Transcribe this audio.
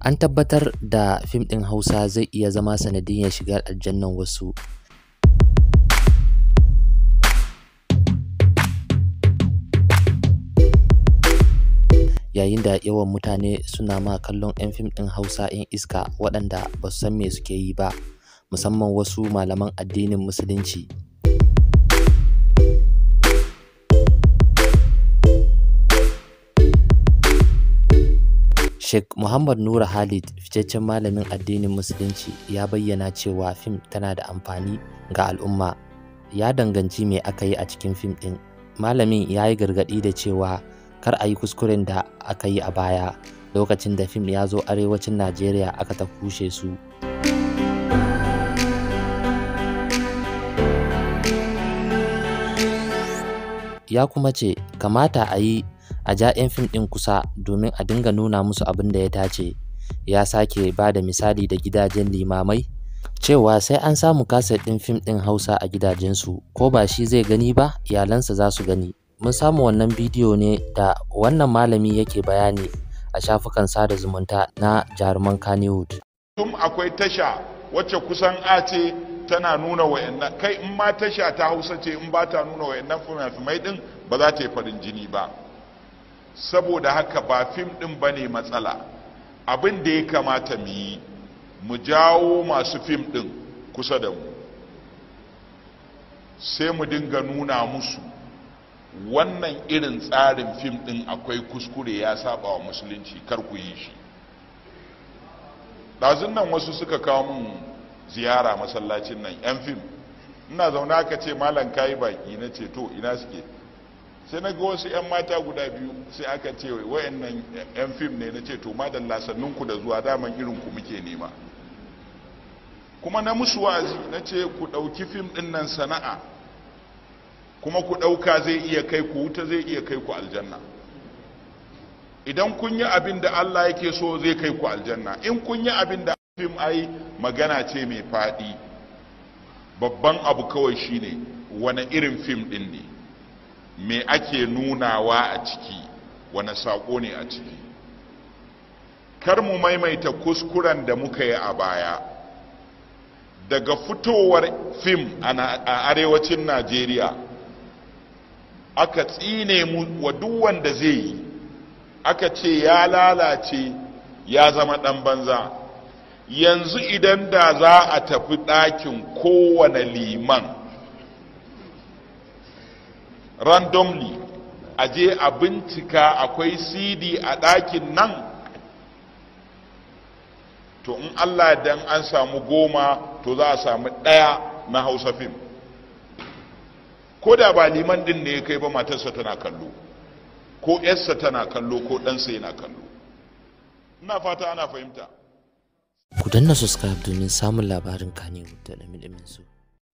An tabbatar da fim ɗin Hausa zai iya zama sanadiyyar shiga aljannan wasu. Yayin da yawan mutane suna ma kallon 'yan fim ɗin Hausa 'yan iska waɗanda ba su san me suke yi ba, musamman wasu malaman addinin Musulunci. Sheikh Muhammad Nura Halid, fitaccen malamin addinin Musulunci, ya bayyana cewa fim tana da amfani ga al'umma. Ya danganci mai aka yi a cikin fim ɗin. Malamin ya yi gargaɗi da cewa kar a yi kuskuren da aka yi a baya lokacin da fim ya zo arewacin Najeriya aka ta kushe su. Ya kuma ce, kamata a yi a ja 'yan fim ɗin kusa domin a dinga nuna musu abin da ya dace. Ya sake ba da misali da gidajen limamai cewa sai an samu kaset ɗin fim ɗin Hausa a gidajensu ko ba shi zai gani ba iyalansa za su gani. Mun samu wannan bidiyo ne da wannan malami yake bayani a shafukan sada zumunta na jaruman Kannywood. Tum akwai tasha wacce kusan a ce tana nuna wa'annan kai in ma tasha ta hausa ce in ba ta nuna wayannan fina ɗin din ba za ta yi farin jini ba. saboda haka ba fim ɗin bane matsala abin da ya kamata mu yi mu jawo masu fim ɗin kusa da mu sai mu dinga nuna musu wannan irin tsarin fim ɗin akwai kuskure ya saba wa musulunci kar ku yi shi ɗazun nan wasu suka kawo mun ziyara masallacin nan 'yan fim ina zaune aka ce malam kayi baki na ce to ina suke sai na ga wasu 'yan mata guda biyu sai aka ce wayannan 'yan fim ne na ce to ma lasannin ku da zuwa daman irin ku muke nema kuma na musu wazi na ce ku ɗauki fim ɗin nan sana'a kuma ku ɗauka zai iya kai ku wuta zai iya kai ku aljanna idan kun yi abin da allah yake so zai kai ku aljanna in kun yi abin da fim ai magana ce mai faɗi babban abu kawai shine wani irin fim ɗin ne me ake nunawa a ciki wani saƙo ne a ciki kar mu maimaita kuskuren da muka yi a baya daga fitowar fim a arewacin najeriya aka tsine mu wa duk wanda zai yi aka ce ya lalace ya zama ɗan banza yanzu idan da za a tafi ɗakin kowane liman randomly a je a bincika akwai cd a ɗakin nan to in allah dan an samu goma to za a samu ɗaya na hausa fim ko da ba liman ɗin ne ya kai ba matarsa tana kallo ko yarsa tana kallo ko ɗansa yana kallo ina fata ana fahimta ku danna subscribe domin samun labarin kanewu da ɗamin su